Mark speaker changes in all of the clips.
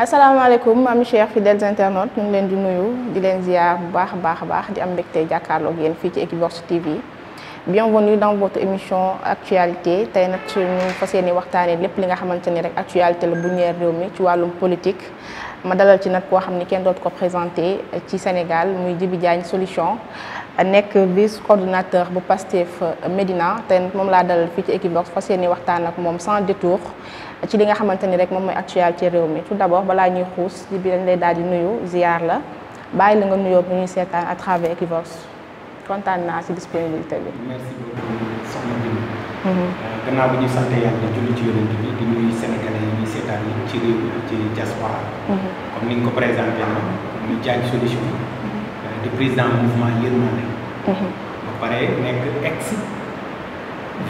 Speaker 1: asalaamaaleykum am chers fidèles internautes ñu ngi leen di nuyu di leen ziar bu baax a baax a baax di am mbégte jàkkaarloog yéen fii ci Equivox TV bienvenue dans votre émission actualité tey nag ñu fas yéene waxtaanee lépp li nga xamante ni rek actualité la bu ñeel réew mi ci wàllum politique ma dalal ci nag koo xam ni kenn dootu ko présenté ci Sénégal muy Djibi Diagne Solution a nekk vice coordonnateur bu Pastef Médina tey nag moom laa dalal fii ci Equivox fas yéene waxtaan ak moom sans ci li nga xamante ni rek moom mooy actualité réew mi tout d'abord balaa ñuy xuus li bi dañ lay daal di nuyu ziar la bàyyi la nga nuyoo bu ñuy seetaan à travers Equivox kontaan naa si disponibilité bi. Mhm. Euh,
Speaker 2: ci yonent bi di nuyu sénégalais yi ñuy seetaan yi ci réew mi ci diaspora. Mhm. comme ni nga ko ah, mhm. euh, président mouvement Yërmande. ba pare nekk ex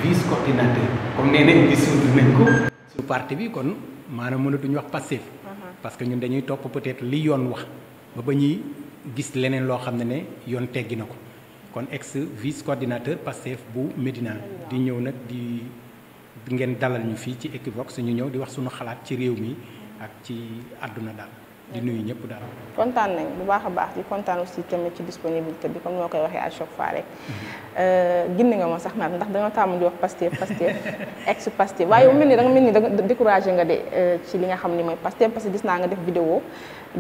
Speaker 2: vice coordinateur comme nee nañ di suivre nañ ko. parti bi kon maanaam mënatuñu wax passif uh-huh. parce que ñun dañuy topp peut-être li yoon wax ba ba ñuy gis leneen loo xam ne ne yoon teggi na ko kon ex vice coordinateur Pastef bu Médina di ñëw nag di ngeen dalal ñu fii ci Equivox ñu ñëw di wax suñu xalaat ci réew mi ak ci àdduna daal di nuyu ñëpp daal.
Speaker 1: kontaan nañ bu baax a baax di kontaan aussi tamit ci disponibilité bi comme noo koy waxee à chaque fois rek. Mm-hmm. Euh, gindi nga ma sax naat ndax dañoo tàmm di wax Pastef Pastef ex Pastef waaye mu mel ni da nga mel ni da nga découragé nga de euh, ci li nga xam ni mooy Pastef parce que gis naa nga def vidéo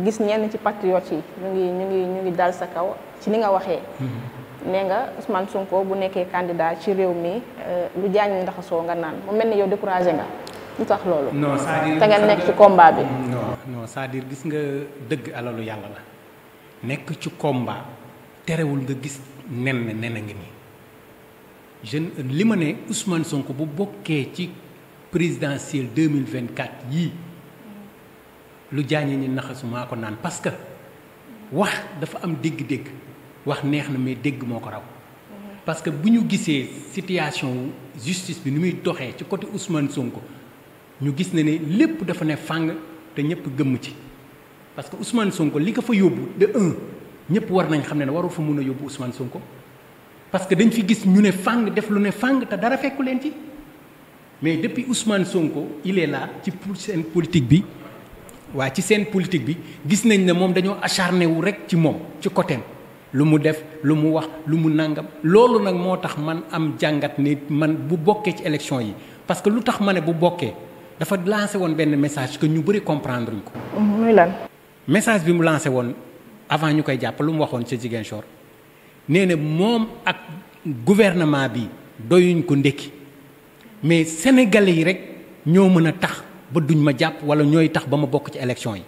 Speaker 1: gis ñenn ci patriotes yi ñu ngi ñu ngi ñu ngi dal sa kaw ci li nga waxee.
Speaker 2: Mm-hmm.
Speaker 1: nee nga Ousmane Sonko bu nekkee candidat ci réew mi euh, lu jaañu ndax soo nga naan mu mel ni yow découragé nga. lu tax loolu.
Speaker 2: non c'est-à-dire te nga gis nga dëgg alalu yàlla nekk ci combat terewul gis nen na nen a ngi nii jeune li ma ne Ousmane Sonko bu bokkee ci présidentielle 2024 yii lu jaañee ñi naxasu maa ko naan parce que wax dafa am dégg-dégg wax neex na mais dégg moo ko raw. parce que bu ñu gisee situation justice bi ni muy doxee ci côté Ousmane Sonko. ñu gis ne ni lépp dafa ne fàng te ñëpp gëmm ci parce que Ousmane Sonko li ko fa yóbbu de un ñëpp war nañ xam ne ne waru fa mun a yóbbu Ousmane Sonko parce que dañ fi gis ñu ne fàng def lu ne fàng te dara fekku leen ci mais depuis Ousmane Sonko il est là ci seen politique bi waa ci seen politique bi gis nañ ne moom dañoo acharné wu rek ci moom ci côté lu mu def lu mu wax lu mu nangam loolu nag moo tax man am jàngat ni man bu bokkee ci élection yi parce que lu tax ma ne bu bokkee. dafa lancé woon benn message que ñu bëri comprendre ñu ko. muy lan. message bi mu lancé woon avant ñu koy jàpp lu mu waxoon ca Ziguinchor nee na moom ak gouvernement bi doyuñ ko ndékki mais sénégale yi rek ñoo mën a tax ba duñ ma jàpp wala ñooy tax ba ma bokk ci élection yi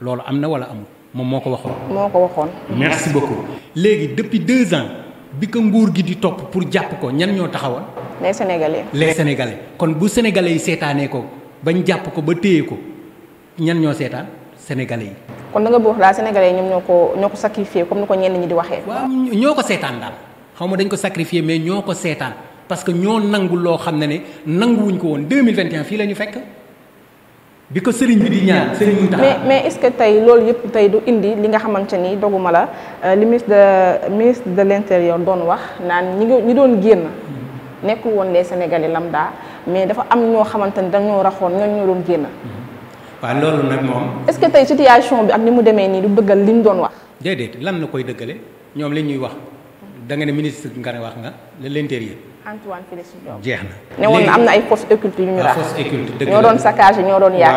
Speaker 2: loolu am na wala amul moom moo ko waxoon.
Speaker 1: moo ko waxoon. merci beaucoup
Speaker 2: léegi depuis deux ans bi ko nguur gi di topp pour jàpp ko ñan ñoo taxawal.
Speaker 1: les sénégalais. les
Speaker 2: sénégalais kon bu sénégalais yi seetaanee ko. bañ jàpp ko ba téye ko ñan ñoo seetaan sénégalais yi.
Speaker 1: kon da nga wax daal sénégalais yi ñoom ñoo ko ñoo ko sacrifié comme ni ko
Speaker 2: ñenn ñi di waxee. waaw ñoo ko seetaan daal xaw ma dañ ko sacrifié mais ñoo ko seetaan parce que ñoo nangu loo xam ne ne nanguwuñ ko woon 2021 fii la ñu fekk. bi ko sëriñ bi di ñaan sëriñ bi mais
Speaker 1: mais est-ce que tey loolu yëpp tey du indi li nga xamante ni doguma la euh, li ministre de ministre de l'intérieur doon wax naan ñi ñi doon génn mm-hmm. nekkul woon les sénégalais lambda mais dafa am ñoo xamante ni dañoo raxoon ñooñu ñoo doon génn.
Speaker 2: waaw loolu nag moom. est
Speaker 1: que tey situation bi ak ni mu demee nii du bëggal li ñu doon wax.
Speaker 2: déedéet lan la koy dëggale ñoom li ñuy wax da nga ne ministre nga ne wax nga l'intérieur. Antoine Félix Diome jeex na. ne na am na ay forces ñu. Ah, rax ñoo doon saccagé ñoo doon yàq.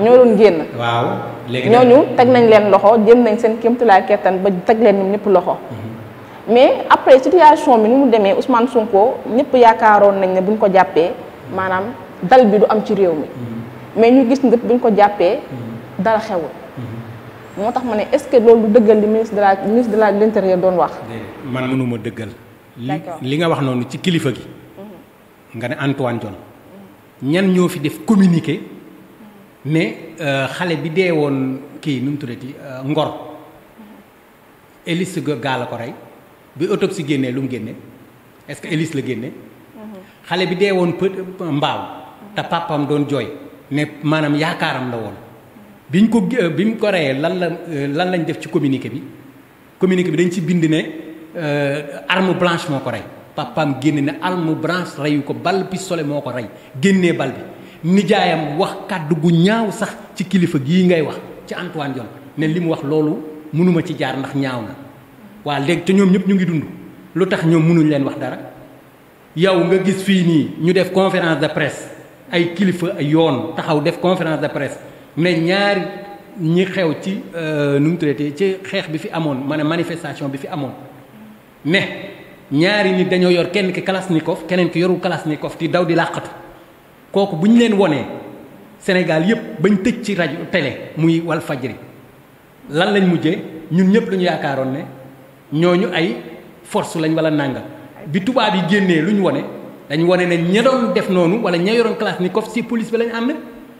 Speaker 1: ñoo doon génn.
Speaker 2: waaw léegi ñooñu
Speaker 1: teg nañ leen loxo jëm nañ seen kéemtulaay kertan ba teg leen ñoom ñëpp loxo. Mm-hmm. mais après situation bi ni mu demee Ousmane Sonko ñëpp yaakaaroon nañ ne buñ ko jàppee maanaam dal bi du am ci réew mi mm-hmm. mais ñu gis ndët buñ ko jàppee
Speaker 2: mm-hmm.
Speaker 1: dara xewul mm-hmm. moo tax ma ne est-ce que loolu dëggal li ministre de la ministre de la l'intérieur doon wax
Speaker 2: man mënuma dëggal li nga wax noonu ci kilifa gi nga ne Antoine Diome ñan ñoo fi def communiqué ne euh, xale bi dee woon kii nu mu tuddati euh, Ngor Élise Gall la ko rey bi autopsie génnee lu mu génne est-ce que Élise la génne xale bi dee woon pët mbaaw te papam doon jooy ne maanaam yaakaaram la woon biñ ko biñ ko reyee lan la lan lañ def ci communiqué bi communiqué bi dañ ci bind ne euh, arme blanche moo ko rey papam génn ne arme blanche reyu ko bal pistolet moo ko rey génnee bal bi nijaayam wax kàddu gu ñaaw sax ci kilifa gii ngay wax ci Antoine yoon ne li mu wax loolu mënuma ci jaar ndax ñaaw na waa léegi te ñoom ñëpp ñu ngi dund lu tax ñoom mënuñ leen wax dara yow nga gis fii nii ñu def conférence de presse ay kilifa yoon taxaw def conférence de presse ne ñaari ñi xew ci euh, nu mu traité ci xeex bi fi amoon ma manifestation bi fi amoon ne ñaari nit dañoo yor kenn ki kalashnikov keneen ki yorul kalashnikov di daw di làqatu kooku bu ñu leen wonee Sénégal yëpp bañ tëj ci rajo tele muy Walf Fadjri lan lañ mujje ñun ñëpp la yaakaaroon ne ñooñu ay force lañ wala nàngam bi tubaab yi génnee lu ñu wane dañ wane nañ ña doon def noonu wala ña yoroon Kalachnikov si police bi lañ ànd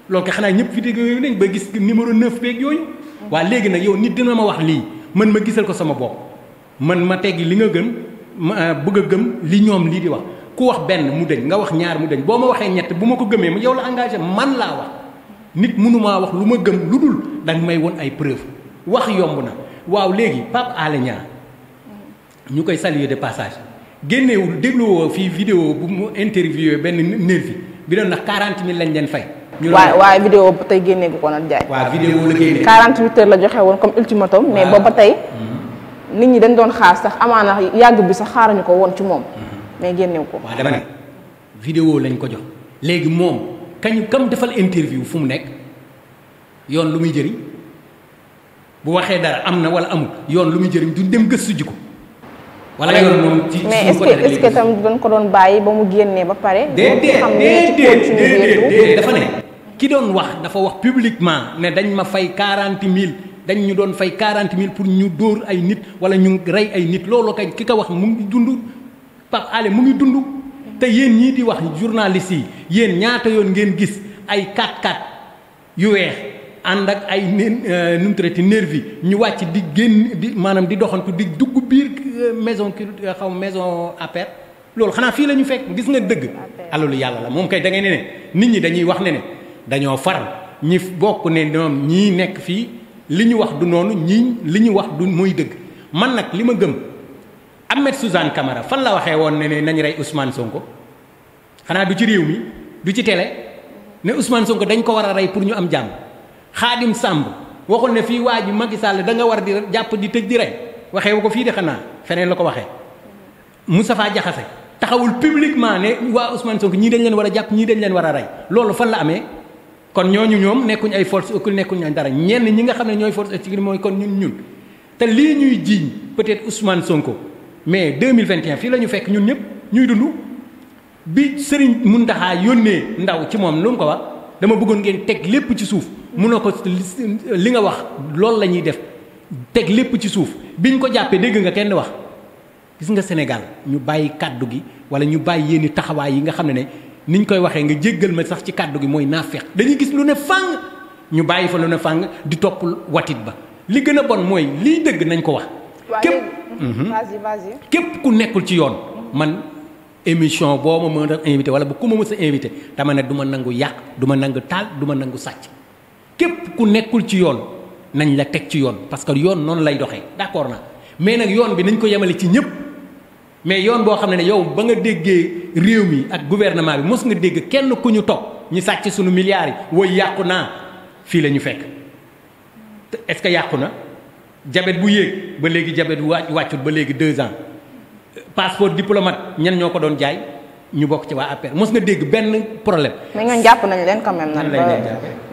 Speaker 2: loolu ko xanaa ñëpp vidéo yooyu lañ ba gis numéro 9 beeg yooyu. waa léegi nag yow nit dina ma wax lii man ma gisal ko sama bopp man ma teggi li nga gën ma ah, bëgg a gëm li ñoom lii di wax ku wax benn mu dëñ nga wax ñaar mu dëñ boo ma waxee ñett bu ma ko gëmee yow la engagé man laa wax nit mënumaa wax lu ma gëm lu dul danga may won ay preuve wax yomb na waaw léegi Pape Alé ñu koy saluer de passage. génneewul dégluwoo fii vidéo bu mu interviewé benn nervi bi doon ndax 40 000 lañ leen fay. ñu doon waaw waaw
Speaker 1: vidéo ba tey génnee gu ko nag jaay.
Speaker 2: waaw vidéo la génnee
Speaker 1: la joxe woon comme ultimatum. mais booba tey. Mhm. nit ñi dañ doon xaar sax amaana yàgg bi sax xaaruñu ko woon ci moom. Mhm. mais génnewu ko. waaw
Speaker 2: dama ne. lañ ko jox léegi moom kañ kam defal interview fu mu nekk yoon lu muy jëriñ bu waxee dara am na wala amul yoon lu muy jëriñ du dem gëstu ji ko. wala yoon moom ci mais est-ce que est-ce que tam
Speaker 1: dañ ko doon bàyyi ba mu génnee ba pare. déedéet déedéet dafa ne.
Speaker 2: ki doon wax dafa wax publiquement ne dañ ma fay quarante mille dañ ñu doon fay quarante mille pour ñu dóor ay nit wala ñu rey ay nit loolu kay ki ko wax mu ngi dund Pape Alé mu ngi dund. te yéen ñii di wax journaliste yi yéen ñaata yoon ngeen gis ay 4-4 yu weex. ànd ak ay nen euh, nu mu traité nervi ñu wàcc di génn di maanaam di doxantu di dugg biir euh, maison ki euh, xaw maison APR loolu xanaa fii la ñu fekk gis nga dëgg. alalu yàlla la moom kay da ngay ne nit ñi dañuy wax ne ne dañoo faral ñi bokk ne ñoom ñii nekk fii li ñu wax du noonu ñii li ñu wax du muy dëgg man nag li ma gëm Ahmed Suzanne Camara fan la waxee woon ne ne nañ rey Ousmane Sonko xanaa du ci réew mi du ci télé ne Ousmane Sonko dañ ko war a rey pour ñu am jàmm. xaadim sàmb waxul ne fii waa ji Macky Sall da nga war di jàpp di tëj di rey waxee wu ko fii de xanaa feneen la ko waxee Moustapha jaxase taxawul publiquement ne waa Ousmane Sonko ñii dañ leen war a jàpp ñii dañ leen war a rey loolu fan la amee kon ñooñu ñoom nekkuñu ay force occulte nekkuñ ay dara ñenn ñi nga xam ne ñooy force occulte mooy kon ñun ñun te lii ñuy jiiñ peut-être Ousmane Sonko mais 2021 fii la ñu fekk ñun ñëpp ñuy dundu bi Serigne Mountakha yónnee ndaw ci moom lu ko wax dama bëggoon teg lépp ci suuf munoo ko li nga wax loolu la ñuy def teg lépp ci suuf biñ ko jàppee dégg nga kenn wax gis nga Sénégal ñu bàyyi kàddu gi wala ñu bàyyi yenn taxawaay yi nga xam ne ne niñ koy waxee nga jéggal ma sax ci kàddu gi mooy naafeq dañuy gis lu ne fàng ñu bàyyi fa lu ne fàng di topp watit ba li gën a bon mooy lii dëgg nañ ko wax. képp mhm. képp ku nekkul ci yoon man émission boo ma mën a invité wala bu ku ma mës invité dama ne du ma nangu yàq duma nangu taal du ma nangu sàcc. képp ku nekkul ci yoon nañ la teg ci yoon parce que yoon noonu lay doxee d'accord na mais nag yoon bi nañ ko yemale ci ñëpp mais yoon boo xam ne ne yow ba nga déggee réew mi ak gouvernement bi mos nga dégg kenn ku ñu topp ñu sàcc sunu milliards yi woy yàqu naa fii la ñu fekk est-ce que yàqu na jabet bu yéeg ba léegi jabet wàccut ba léegi deux ans passeport diplomate ñenn ñoo ko doon jaay ñu bokk ci waa APR mos na dégg benn problème.
Speaker 1: mais ñun jàpp nañu leen quand même. nan leen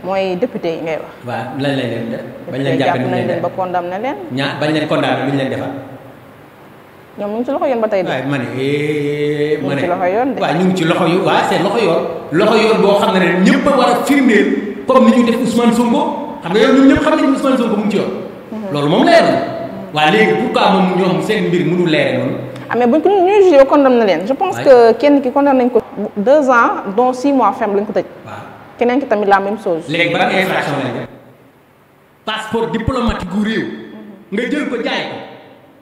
Speaker 1: mooy député yi ngay wax.
Speaker 2: waaw lan lañ leen def. bañ leen jàpp nañ leen ba condamné leen. ñaa bañ leen condamné lu ñu leen defal.
Speaker 1: ñoom ñu ngi ci loxo yoon ba tey
Speaker 2: de. waaye ma ne eh, ci loxo yoon de. ñu ngi ci loxo yu waaw c'est loxo yoon. loxo yoon boo xam ne ne ñëpp a comme ni ñu def Ousmane Sonko xam nga yow ñun ñëpp xam nañu Ousmane Sonko mu ngi ci yoon. Mhm. loolu moom leer na. waa léegi pourquoi moom ñoom seen mbir mënu leere noonu
Speaker 1: ah mais buñ ko ñuy jugé condamné na leen je pense que kenn ki condamné nañ ko deux ans dont six mois ferme lañ ko tëj keneen ki tamit la même chose léegi ban infraction lañ
Speaker 2: passeport diplomatique gu réew mhm. nga jël ko jaay ko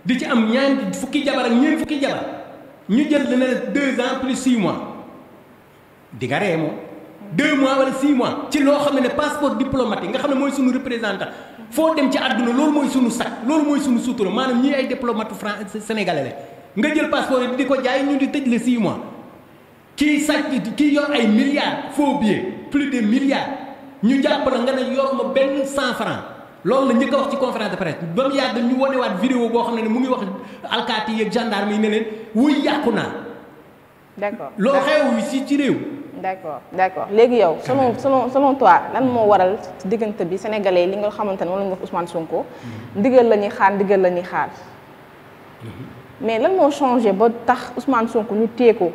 Speaker 2: di ci am ñaan fukki jabar ak ñeent fukki jabar ñu jël la ne deux ans plus six mois di nga moom mhm. deux mois wala six mois ci loo xam ne ne passeport diplomatique nga xam ne mooy suñu représentant foo dem ci àdduna loolu mooy suñu sac loolu mooy suñu sutura maanaam ñii ay diplomate France sénégalais la nga jël passeport yi di ko jaay ñu di tëj la 6 mois kii sàcc kii ay milliards faux billets plus de milliards ñu jàpp la nga ne yor ma benn 100 francs loolu la njëkk a wax ci conférence de presse ba mu yàgg ñu wonewaat vidéo boo xam ne mu ngi wax alkaati yeeg gendarme yi ne leen wuy yàqu naa.
Speaker 1: d'accord loolu xew si ci réew. d'accord d'accord léegi yow selon selon selon toi lan moo waral diggante bi sénégalais yi li nga xamante ne moom la ñu wax Ousmane Sonko mhm. ndigal la ñuy xaar ndigal la ñuy xaar. Mhm. mais lan moo changé ba tax Ousmane Sonko ñu téye ko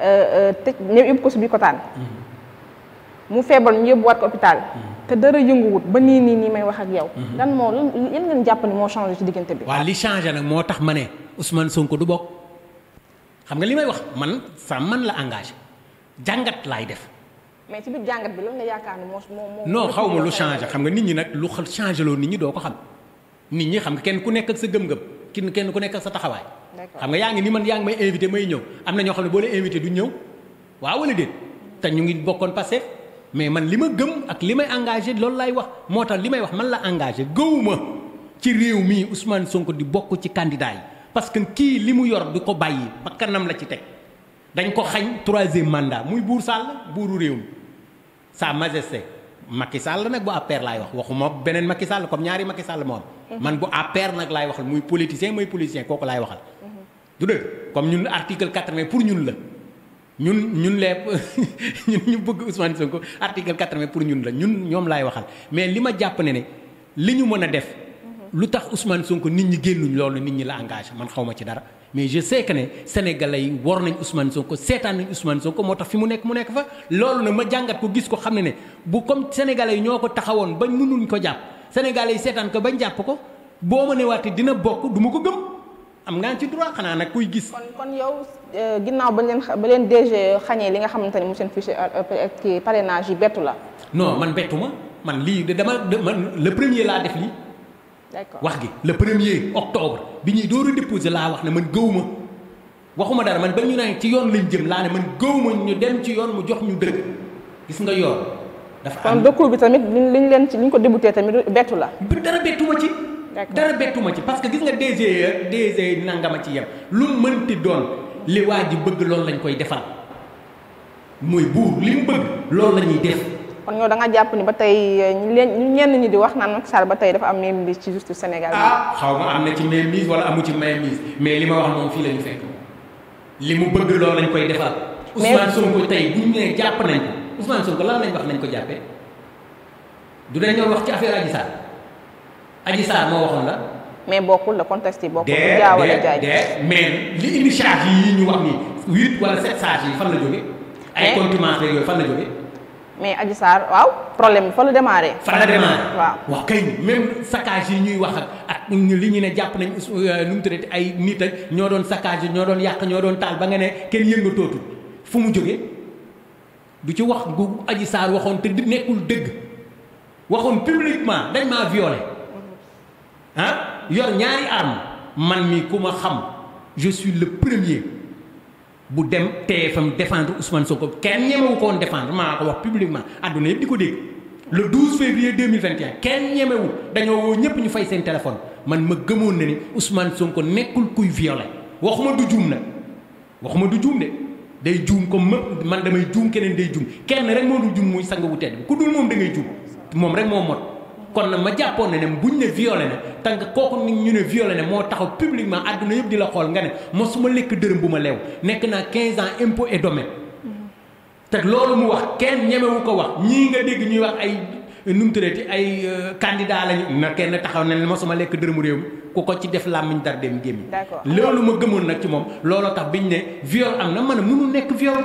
Speaker 1: euh, euh, te ñëw yóbbu ko si biir kotaan
Speaker 2: mm-hmm.
Speaker 1: mu feebar ñu yóbbuwaat ko hôpital. Mm-hmm. te dara yënguwut ba nii nii nii may wax ak yow. Mm-hmm. lan moo lan yan jàpp ni moo changé ci diggante bi. waaw li
Speaker 2: changé na moo tax ma ne Ousmane Sonko du bokk xam li may wax man sa la engagé jàngat laay def.
Speaker 1: mais ci biir jàngat bi lan nga yaakaar ni moo moo. non xaw ma lu
Speaker 2: changé xam nga nit ñi nag lu changé loo nit ñi doo ko xam nit ñi xam nga kenn ku nekk ak sa gëm-gëm. kin kenn ku nekk ak sa taxawaay. xam nga yaa ngi ni man yaa ngi may invité may ñëw am na ñoo xam ne boo leen invité du ñëw waaw wala déet te ñu ngi bokkoon Pastef mais man li ma gëm ak li may engagé loolu laay wax moo tax li may wax man la engagé gëwuma ci réew mii Ousmane Sonko di bokk ci candidat yi parce que kii li mu yor du ko bàyyi ba kanam la ci teg dañ ko xañ troisième mandat muy buur Sall buuru réew mi sa majesté Macky Sall nag bu APR laay wax waxuma beneen Macky Sall comme ñaari Macky Sall moo am. Mhm. man bu APR nag laay waxal muy politicien muy politicien kooku laay waxal. Mhm. du dëgg comme ñun article quatre-vingt pour ñun la ñun ñun les ñun ñu bëgg Ousmane Sonko article quatre pour ñun la ñun ñoom laay waxal mais li ma jàpp ne ne li ñu mën a def. lu tax Ousmane Sonko nit ñi génnuñ loolu nit ñi la engagé man xaw ma ci dara mais je sais que ne sénégalais yi war nañ Ousmane Sonko seetaan nañ Ousmane Sonko moo tax fi mu nekk mu nekk fa. loolu na ma jàngat ko gis ko xam ne ne bu comme sénégalais yi ñoo ko taxawoon ba munuñ ko jàpp sénégalais yi seetaan ko bañ jàpp ko boo ma newaatee dina bokk du ma ko gëm am ngaa ci droit xanaa nag kuy gis. kon
Speaker 1: kon yow euh, ginnaaw ba leen ba leen DG xañee li nga xamante ne mu seen fichier euh, euh, kii parrainage yi bettu la.
Speaker 2: non man ma man lii dama man le premier laa def lii. wax gi le premier octobre bi ñuy door a laa wax ne man gëwuma waxuma dara man ba ñu naan ci yoon lañ jëm laa ne man gëwuma ñu dem ci yoon mu jox ñu dëgg gis nga yoon. dafa am kon
Speaker 1: recours bi tamit liñ leen ci liñ ko débutee tamit bettu la.
Speaker 2: dara bettuma ci. dara bettuma ci parce que gis nga DG DG nangama ci yem lu mënti doon li waa ji bëgg loolu lañu koy defal mooy buur li mu bëgg loolu la ñuy def.
Speaker 1: kon ñoo da nga jàpp ni ba tey eh, ñu leen ñenn ñi di wax naan Macky Sall ba tey dafa am mainmise ci justice Sénégal. ah
Speaker 2: xaw ma am na ci mainmise wala amu ci mainmise mais li ma wax moom fii la ñu fekk li mu bëgg loolu lañ koy defal. mais Ousmane nee jàpp nañ ko Ousmane Sonko lan lañ wax nañ ko jàppee du wax ci affaire Adji Sarr Adji la.
Speaker 1: mais bokkul la contexte yi bokkul. du jaawale
Speaker 2: jaay mais li indi charge yi ñu wax nii huit wala sept charge yi fan la jógee. ay contumaces yooyu fan la jógee.
Speaker 1: mais Adji Sarr waaw problème bi fa la démarré. fa la démarré waaw. waaw kay
Speaker 2: même saccage yi ñuy wax ak ak li ñu ne jàpp nañ euh, nu mu ay nit ak ñoo doon saccage ñoo doon yàq ñoo doon taal ba nga ne kenn yëngatootul fu mu jógee du ci wax gu Adji Sarr waxoon te nekkul dëgg waxoon publiquement dañ maa violé ah yor ñaari arme man mi ku ma xam je suis le premier. bu dem TFM défendre Ousmane Sonko kenn ñemewu ko woon défendre maa ko wax publiquement àdduna yëpp di ko dégg le 12 février 2021 kenn ñemewu dañoo woo ñëpp ñu fay seen téléphone man ma gëmoon na ni Ousmane Sonko nekkul kuy violé waxuma du juum nag waxuma du juum de day juum comme mëpp man damay juum keneen day juum kenn rek moo du juum muy sangawu tedd bi ku dul moom dangay ngay juum moom rek moo mot kon nag ma jàppoon ne ne buñ ne violé tànk kooku nit ñu ne violé ne moo taxaw publiquement àdduna yëpp di la xool nga ne mosuma lekk dërëm bu ma lew nekk naa 15 ans impôt et domaine. te loolu mu wax kenn ñemewu ko wax ñii nga dégg ñuy wax ay euh, nu mu tuddati ay euh, candidat lañu na kenn taxaw ne mosuma lekk dërëmu réew mi ku ko ci def làmmiñ dar dem gémmi loolu ma gëmoon nag ci moom looloo tax biñ ne viol am na man a mënu nekk viol.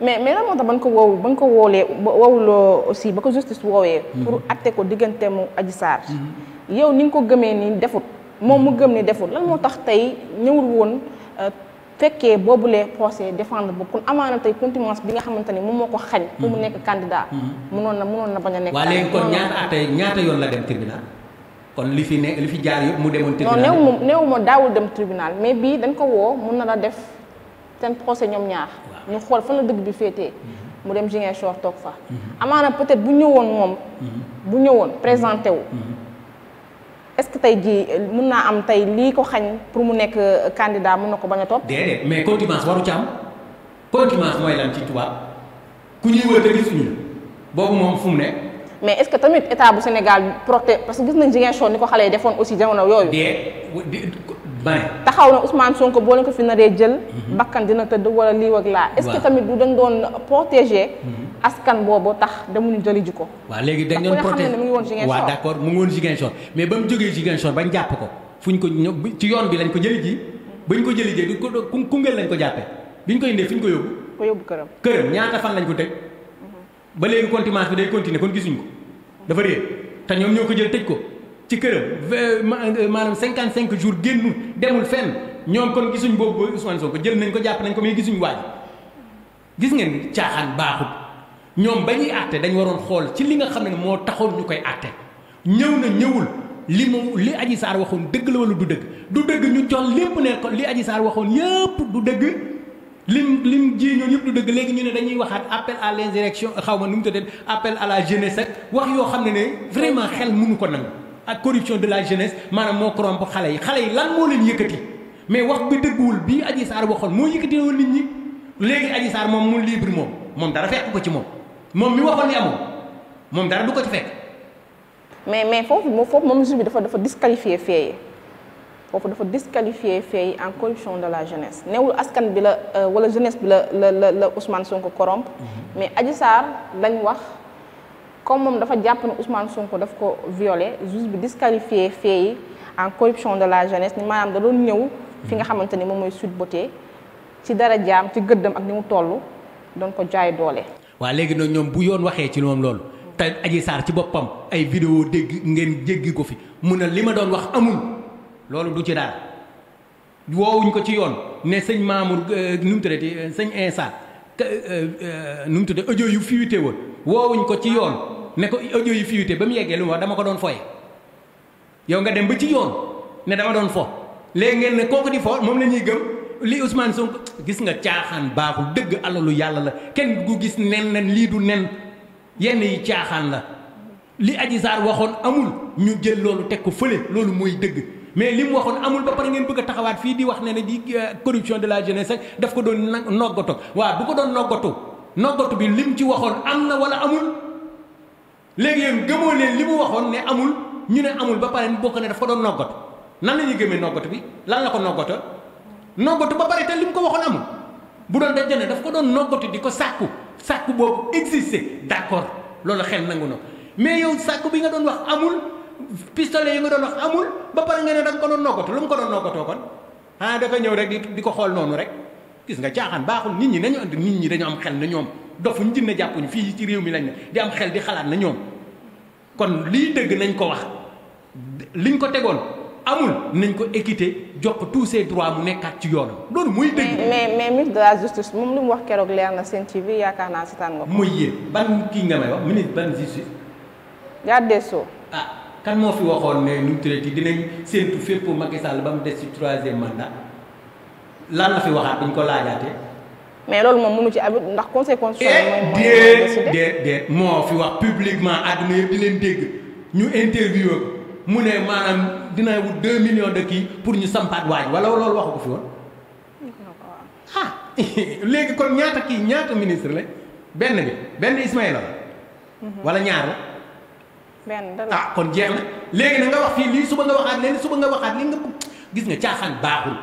Speaker 1: mais mais lan moo tax ba nga ko woowu ba nga ko woolee ba woowuloo aussi ba ko justice woowee. pour mhm. atte ko digganteemu Adji Sarr. Mhm. yow ni nga ko gëmee ni defut moom mu gëm ni defut lan moo tax tey ñëwul woon euh, fekkee boobu lee procès défendre ba kon amaana tey contumace bi nga xamante ni moom moo ko xañ mu mm-hmm. nekk candidat mënoon mm-hmm. na mënoon na bañ a nekk waaw léegi kon ñaata at ñaata yoon
Speaker 2: la dem tribunal kon li fi ne li fi jaar mu demoon tribunal non
Speaker 1: néew ma ma daawul dem tribunal mais bii dañ ko woo mun na la def seen procès ñoom ñaar ñu xool fan la dëgg féetee mm-hmm. mu dem Ziguinchor toog fa amaana peut-être bu ñëwoon moom bu ñëwoon présenté wu est-ce que tey jii euh, mun naa am tey lii ko xañ pour mu nekk kandidaa euh, mun na ko bañ a topp.
Speaker 2: déedéet mais contumace waru ci am contumace mooy lan ci tubaab ku ñuy wër te gisuñu boobu moom fu mu ne.
Speaker 1: mais est-ce que tamit état bu Sénégal proté parce que gis nañ Ziguinchor ni ko xale yi defoon aussi jamono yooyu. taxaw na Ousmane ko boo leen ko fi dee jël. Mhm. bakkan dina tëdd wala lii ak laa. est-ce que tamit du dañ doon protéger. Mhm. askan boobu tax demuñu jëli ji ko.
Speaker 2: waaw léegi dañ doon protéger mu ngi woon Ziguinchor waaw d'accord mu ngi woon Ziguinchor mais ba mu jógee Ziguinchor bañ jàpp ko fuñ ko ci yoon bi lañ ko jëli ji bañ ko jëli ji du ku Koungheul lañ ko jàppee biñ ko indee fuñ ko yóbbu. ko yóbbu këram këram ñaata fan lañ ko tëj. Mhm. ba léegi contumace bi day continuer kon gisuñ ko dafa réer te ñoom ñoo ko jël tëj ko ci këram maanaam cinquante cinq jours génnul demul fenn ñoom kon gisuñ boobu Ousmane ko jël nañ ko jàpp nañ ko mais gisuñu waaj gis ngeen caaxaan baaxut ñoom ba ñuy àtte dañ waroon xool ci li nga xam ne moo taxoon ñu koy àtte ñëw na ñëwul li mu li Adji Sarr waxoon dëgg la wala du dëgg du dëgg ñu jox lépp ne ko li Adji Sarr waxoon yëpp du dëgg lim lim ji ñoon yëpp du dëgg léegi ñu ne dañuy waxaat appel à l'insurrection xaw ma nu mu tuddee appel à la jeunesse ak wax yoo xam ne ne vraiment xel mënu ko nangu ak corruption de la jeunesse maanaam moo corrompe xale yi xale yi lan moo leen yëkkati mais wax bi dëgguwul bii Adji Sarr waxoon moo yëkkati woon nit ñi léegi Adji Sarr moom mu libre moom moom dara fekk ko ci moom moom mi waxoon ni amul moom dara du ko ci fekk.
Speaker 1: mais mais foofu moom foofu bi dafa dafa disqualifié fee foofu dafa disqualifié fee yi en corruption de la jeunesse newul askan bi la euh, wala jeunesse bi la la la la Ousmane Sonko corrompe mhm. mais Adji Sarr lañ comme moom dafa jàpp ne Ousmane Sonko daf ko violé juge bi disqualifié fee yi en corruption de la jeunesse ni maanaam da doon ñëw fi nga xamante ni moom mooy Sweet Beauté ci dara jaam ci gëddam ak ni mu toll doon ko jaay doole.
Speaker 2: waa léegi nag ñoom bu yoon waxee ci moom loolu. te Adji Sarr ci boppam ay vidéo dégg ngeen jéggi ko fi mun a li ma doon wax amul loolu du ci daal woowuñ ko ci yoon ne sëñ Mamour euh, nu mu tuddati euh, sëñ Insa euh, nu mu tuddati audio yu fuité woon woowuñ ko ci yoon. ne ko audio yu ba mu yeggee lu mu wax dama ko doon foye yow nga dem ba ci yoon ne dama doon fo léegi ngeen ne kooku di fo moom la ñuy gëm li soo Sonko gis nga caaxaan baaxul dëgg alalu yàlla la kenn gu gis nen na lii du nen yenn yi caaxaan la li Adji Sarr waxoon amul ñu jël loolu teg ko fële loolu mooy dëgg mais li mu waxoon amul ba pare ngeen bëgg taxawaat fii di wax ne ne di euh, corruption de la jeunesse daf ko doon noggatu waa du ko doon noggatu noggatu bi lim ci waxoon am wala amul léegi yéen gëmoo leen li mu waxoon ne amul ñu ne amul ba pare bokk ne daf ko doon noggatu nan la ñuy gëmee noggatu bi lan la ko noggata noggatu ba pare te li mu ko waxoon amul bu doon dajale ne daf ko doon noggatu di ko sàkku sàkku boobu existé d'accord loolu xel nangu na mais yow sàkku bi nga doon wax amul pistolet yi nga doon wax amul ba pare nga ne da ko doon noggatu lu mu ko doon noggatoo kon ah dafa ñëw rek di di ko xool noonu rek gis nga caaxaan baaxul nit ñi nañu andi nit ñi dañu am xel na ñoom. dofuñ jinne jàppuñu fii ci réew mi lañ ne di am xel di xalaat na ñoom kon lii dëgg nañ ko wax liñ ko tegoon amul nañ ko équité jox ko tous ses droits mu nekkaat ci yoonam
Speaker 1: loolu muy dëgg mais mais ministre de la justice moom li mu wax keroog leer na seen TV naa seetaan nga ko muy
Speaker 2: kii nga may wax ministre ban justice garde des sceaux ah kan moo fi waxoon ne nu mu tuddati dinañ séentu fépp Macky Sall ba mu des ci troisième mandat lan la fi waxaat dañ ko laajaatee
Speaker 1: mais loolu moom mënu ci abit ndax conseil constitutionnel eh, mooy
Speaker 2: mooy déedéet moo fi wax publiquement àdduna yëpp di leen dégg ñu interview ko mu ne maanaam dina wut 2 millions de kii pour ñu sampaat waaj wala loolu waxu ko fi woon ah. Ah. léegi kon ñaata kii ñaata ministre la benn bi benn Ismaïla la mhm. wala ñaar la
Speaker 1: benn dana ah
Speaker 2: kon jeex na léegi na nga wax fii lii suba nga waxaat léegi suba nga waxaat li nga gis nga caaxaan baaxul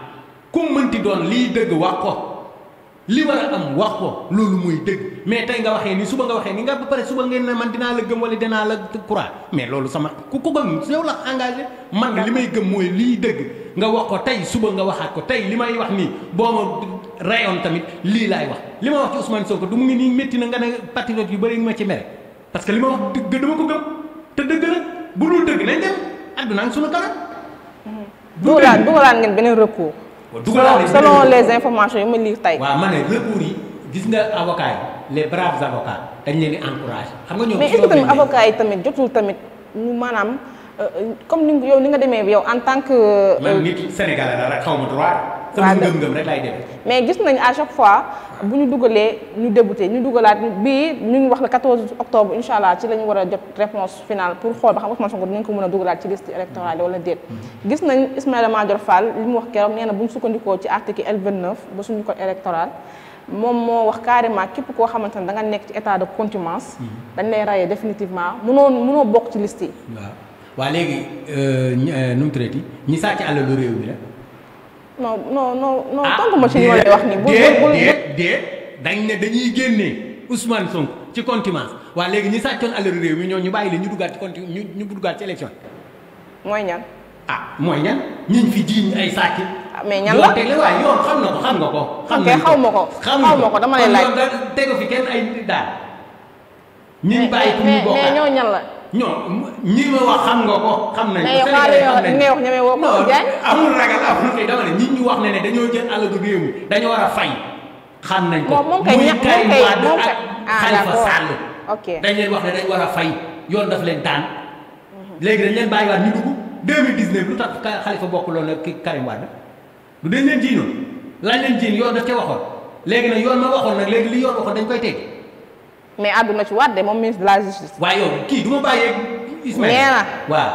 Speaker 2: ku mënti doon lii dëgg wax ko li ma a am wax ko loolu mooy dëgg mais tey nga waxee ni suba nga waxee ni nga ba pare suba ngeen ne man dinaa la gëm wala dinaa la croire mais loolu sama ku ko gëm yow la engagé man li may gëm mooy lii dëgg nga wax ko tey suba nga waxaat ko tey li may wax nii boo ma rayoon tamit lii laay wax li ma wax ci soo ko du mu ngi nii métti na nga ne patriote yu bëri ma ci mere parce que li ma wax dëgg dama ko gëm te dëgg la bu dul dëgg nañ dem àdduna ak sunu kanam. bu ngeen beneen recours. dugalaale selon les
Speaker 1: informations yu ma lire tey. waaw ma ne
Speaker 2: recours yi gis nga avocats yi les braves avocats dañ leen di xam nga ñoom mais est-ce tamit
Speaker 1: avocats yi tamit jotul tamit ñu maanaam euh, euh, comme ni yow ni nga demee yow en tant que. man euh,
Speaker 2: nit Sénégalais la rek xaw ma droit. sama gëm-gëm rek lay def
Speaker 1: mais gis nañ à chaque fois bu ñu dugalee ñu débuté ñu dugalaat bii ñu ngi wax le 14 octobre incha allah ci la ñu war a jot réponse finale pour xool ba xam Ousmane Sonko dinañ ko mën a dugalaat ci liste électorale wala déet mm-hmm. gis nañ Ismaïla Madior Fall li mu wax keroog nee na bu sukkandikoo ci article L29 ba suñu code électoral moom moo wax carrément képp koo xamante ne da nga nekk ci état de contumace mm-hmm. da lay rayee définitivement munoo munoo bokk ci liste
Speaker 2: yi waaw waa léegi euh, euh, nu mu traité ñi
Speaker 1: non non non non ah, tontu ma ci li ma lay wax nii. bu dee
Speaker 2: dee dañ ne dañuy génne Ousmane Sonko ci contumace waa léegi ñi sàccoon alalu réew mi ñoo ñu bàyyi leen ñu duggaat ci contu ñu ñu duggaat ci élection mooy ñan. ah mooy ñan ñiñ fi jiiñ ay sàcc.
Speaker 1: Ah, mais ñan la yoon waaye yoon
Speaker 2: xam na ko xam nga ko. xam nga xaw ma ko xaw ma ko dama lay laaj. tegu fi kenn ay daal. ñiñ bàyyi pour ñu bokkaat mais mais ñoo ñan la. ñoom ñi ma wax xam nga ko xam nañ ko amul ragal amul tey dama ne nit ñu wax ne ne dañoo jël alalu réew mi dañoo war a fay xam nañ ko muy Karim Wade ak ah, Khalifa Sall dañ leen wax ne dañ war a fay yoon daf leen daan léegi dañ leen bàyyi waat ñu dugg 2019 lu tax Khalifa bokk loolu la ki Karim Wade lu dañ leen jiinoon lañ leen jiin yoon daf ca waxoon léegi nag yoon ma waxoon nag léegi li yoon waxoon dañ koy teg
Speaker 1: mais àdduna ci waat de moom ministre de la justice.
Speaker 2: waaye yow kii
Speaker 1: du bàyyee Ismaël nee na waaw.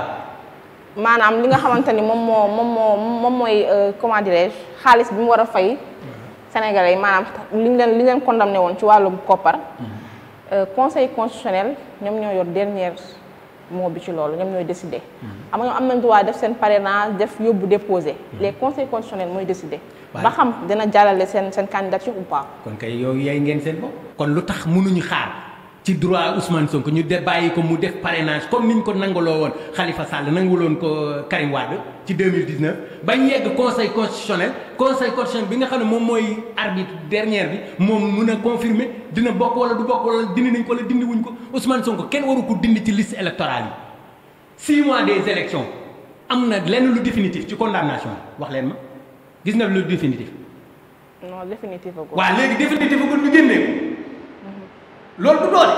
Speaker 1: maanaam li nga xamante ni moom moo moom moo moom mooy euh, comment dirais xaalis bi mu war a fay sénégalais yi maanaam li leen li leen condamné woon ci wàllum koppar mhm. euh, conseil constitutionnel ñoom ñoo yor dernier mot bi ci loolu ñoom ñooy décidé. Mhm. am ñoom am nañ droit def seen parrainage def yóbbu déposé mhm. les conseils constitutionnels mooy décidé. ba xam dina jàllale seen seen candidature ou pas.
Speaker 2: kon kay yow yaay ngeen seen bopp. kon lu tax mënuñu xaar ci droit Ousmane Sonko ñu de bàyyi ko mu def parrainage comme niñ ko nangaloo woon Khalifa Sall nanguloon ko Karim Wade ci 2019 bañ yegg conseil constitutionnel conseil constitutionnel bi nga xam ne moom mooy arbitre dernière bi moom mun a confirmer dina bokk du bokk dindi nañ ko wala dindi wuñ ko Ousmane Sonko kenn waru dindi ci liste électorale yi six mois des élections am na lenn lu définitif ci condamnation wax leen ma. gis nga loolu définitif.
Speaker 1: non définitif a waaw léegi définitif
Speaker 2: ko ñu génnee ko. Mhm. loolu du doole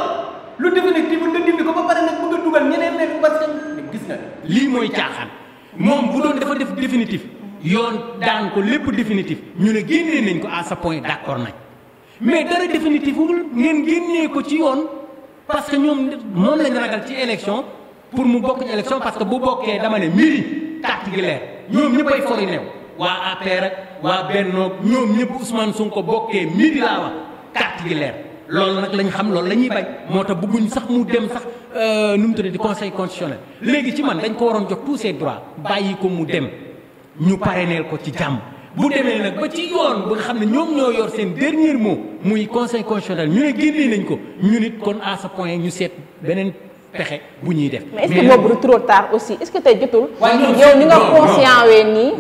Speaker 2: lu définitif ko ba pare nag que gis nga lii mooy caaxaan moom bu doon dafa def définitif. yoon daan ko lépp définitif ñu ne génnee nañ ko à ce point d'accord nañ mais dara définitif wul ngeen génnee ko ci yoon parce que ñoom moom lañ ragal ci élection pour mu bokk ci élection parce que bu bokkee dama ne mbiri tactique leer ñoom ñëppay fori neew waa APR ak waa Bennoo ñoom ñëpp Ousmane ko bokkee midi laa wax gi leer loolu nag lañ xam loolu la ñuy bañ moo tax bëgguñ sax mu dem sax euh, nu mu tuddati conseil constitutionnel léegi ci man dañ ko waroon jox tous ses droits bàyyi ko mu dem ñu neel ko ci jàmm. bu demee nag ba ci yoon ba nga xam ne ñoom ñoo yor seen dernier mot muy conseil constitutionnel ñu ne génnee nañ ko ñu nit kon à ce point ñu seet beneen. pexe bu ñuy def. mais est-ce que boobu
Speaker 1: du trop tard aussi est-ce que tey jotul. yow ni nga conscient wee nii.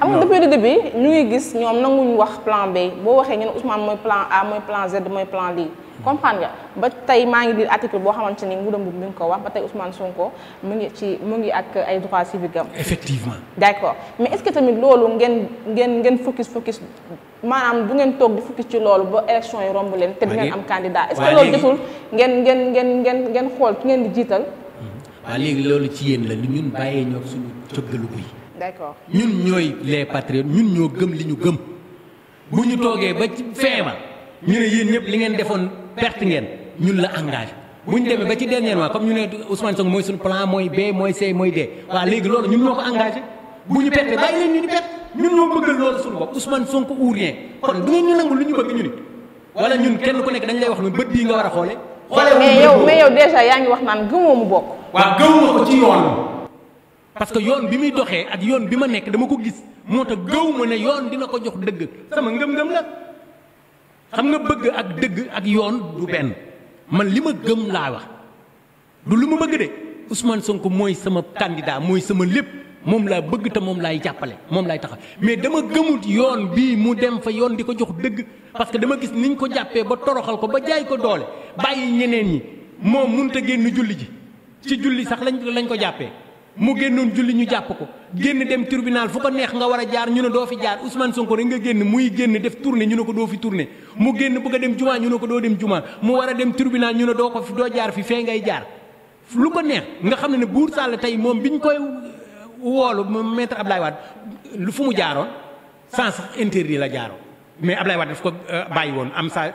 Speaker 1: xam nga depuis le début ñu ngi gis ñoom nanguñu wax plan B boo waxee ñu ne Ousmane mooy plan A mooy plan Z mooy plan lii. comprendre nga ba tey maa ngi lire article boo xamante ni Ngouda Mboup mi ngi ko wax ba tey Ousmane ko mu ngi ci mu ngi ak ay droits civiques am. effectivement d'accord mais est-ce tamit loolu ngeen ngeen ngeen fukki fukki maanaam du ngeen toog di ci loolu ba élection yi romb leen. te du ngeen am candidat est-ce loolu jotul ngeen ngeen ngeen ngeen xool ki ngeen di jiital.
Speaker 2: léegi loolu ci yéen la lu ñun bàyyee ñoo suñu cëggalu guy. d'accord ñun ñooy les patriotes ñun ñoo gëm li ñu gëm bu ñu toogee ba feema ñu ne yéen ñëpp li ngeen defoon perte ngeen ñun la engagé bu ñu demee ba ci dernier mois comme ñu ne Ousmane Sonko mooy suñu plan mooy B mooy C mooy D waaw léegi loolu ñun moo ko engagé bu ñu perte bàyyi leen ñu ni perte ñu nangu lu ñu bëgg ñu ni wala ñun kenn ku nekk dañ lay wax ne bët bii nga war a xoole xoole mais yow mais yow
Speaker 1: déjà yaa ngi wax naan gëmoo mu bokk
Speaker 2: waaw gëwuma ko ci yoon parce que yoon bi muy doxee ak yoon bi ma nekk dama ko gis moo tax gëw ma ne yoon dina ko jox dëgg sama ngëm xam nga bëgg ak dëgg ak yoon du benn man li ma gëm laa wax du lu ma bëgg de Ousmane Sonko mooy sama candidat mooy sama lépp moom laa bëgg te moom laay jàppale moom laay taxaw mais dama gëmut yoon bii mu dem fa yoon di ko jox dëgg parce que dama gis niñ ko jàppee ba toroxal ko ba jaay ko doole bàyyi ñeneen yi moom mënut a génn julli ji ci julli sax lañ lañ ko jàppee. mu génnoon julli ñu jàpp ko génn dem tribunal fu ko neex nga war a jaar ñu ne doo fi jaar Ousmane Sonko rek nga génn muy génn def tournée ñu ne ko doo fi tournée mu génn bëgg a dem jumaa ñu ne ko doo dem jumaa mu war a dem tribunal ne doo ko fi doo jaar fi fee ngay jaar lu ko neex nga xam ne ne buur Sall tey moom bi ñu koy woolu maître Abdoulaye Wade lu fu mu jaaroon sens interdit la jaaroo mais Abdoulaye Wade daf ko euh, bàyyi woon am sa